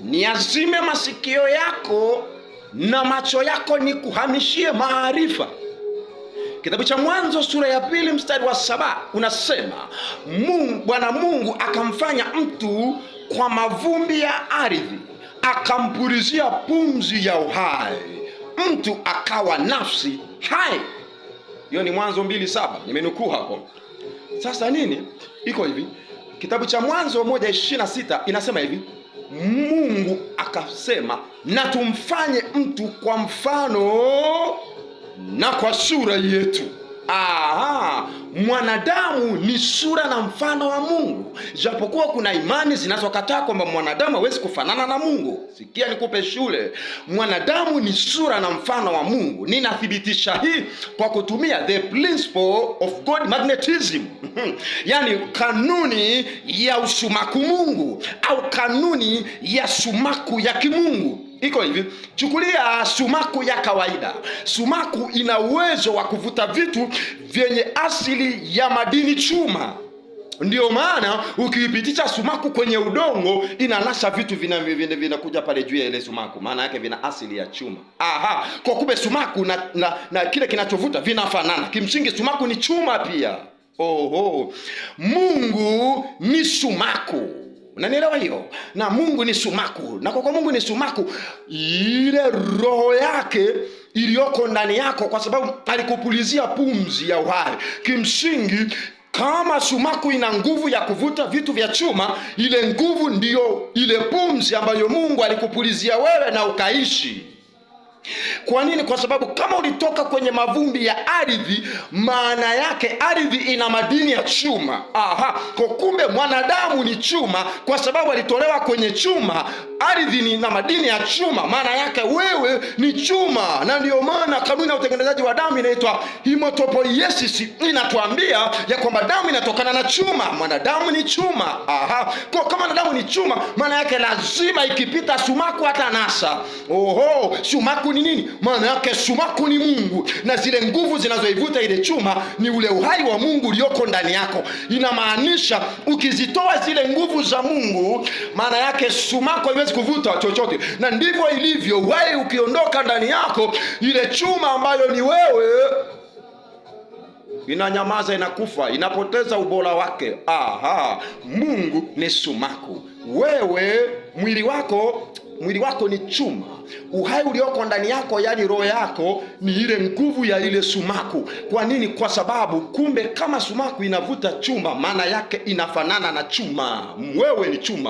niazime masikio yako na macho yako nikuhamishie maarifa. Kitabu cha Mwanzo sura ya pili mstari wa saba unasema Bwana Mungu, Mungu akamfanya mtu kwa mavumbi ya ardhi, akampulizia pumzi ya uhai, mtu akawa nafsi hai. Hiyo ni Mwanzo mbili saba, nimenukuu hapo. Sasa nini iko hivi, kitabu cha Mwanzo moja ishirini na sita inasema hivi Mungu akasema na tumfanye mtu kwa mfano na kwa sura yetu. Ah mwanadamu ni sura na mfano wa Mungu, japokuwa kuna imani zinazokataa kwamba mwanadamu hawezi kufanana na Mungu. Sikia nikupe shule, mwanadamu ni sura na mfano wa Mungu. Ninathibitisha hii kwa kutumia the principle of God magnetism, yani kanuni ya usumaku Mungu au kanuni ya sumaku ya kimungu iko hivi. Chukulia ah, sumaku ya kawaida. Sumaku ina uwezo wa kuvuta vitu vyenye asili ya madini chuma. ndio maana ukiipitisha sumaku kwenye udongo inalasha vitu vinavyo vinakuja pale juu ya ile sumaku, maana yake vina asili ya chuma. Aha, kwa kumbe sumaku na, na, na kile kinachovuta vinafanana. Kimsingi sumaku ni chuma pia. Oho, Mungu ni sumaku. Unanielewa hiyo? Na Mungu ni sumaku, na kwa Mungu ni sumaku ile roho yake iliyoko ndani yako, kwa sababu alikupulizia pumzi ya uhai. Kimsingi, kama sumaku ina nguvu ya kuvuta vitu vya chuma, ile nguvu ndiyo ile pumzi ambayo Mungu alikupulizia wewe na ukaishi. Kwa nini? Kwa sababu kama ulitoka kwenye mavumbi ya ardhi, maana yake ardhi ina madini ya chuma. Aha, kwa kumbe mwanadamu ni chuma, kwa sababu alitolewa kwenye chuma ardhi ni na madini ya chuma, maana yake wewe ni chuma, na ndio maana kanuni ya utengenezaji wa damu inaitwa hematopoiesis, inatuambia ya kwamba damu inatokana na chuma. Mwanadamu ni chuma. Aha, kwa kama mwanadamu ni chuma, maana yake lazima ikipita sumaku hata nasa. Oho, sumaku ni nini? Maana yake sumaku ni Mungu, na zile nguvu zinazoivuta ile chuma ni ule uhai wa Mungu ulioko ndani yako. Inamaanisha ukizitoa zile nguvu za Mungu, maana yake sumaku huwezi kuvuta chochote, na ndivyo ilivyo wai Ukiondoka ndani yako ile chuma ambayo ni wewe inanyamaza, inakufa, inapoteza ubora wake. Aha, Mungu ni sumaku. Wewe mwili wako mwili wako ni chuma. Uhai ulioko ndani yako, yani roho yako, ni ile nguvu ya ile sumaku. Kwa nini? Kwa sababu kumbe, kama sumaku inavuta chuma, maana yake inafanana na chuma. Wewe ni chuma.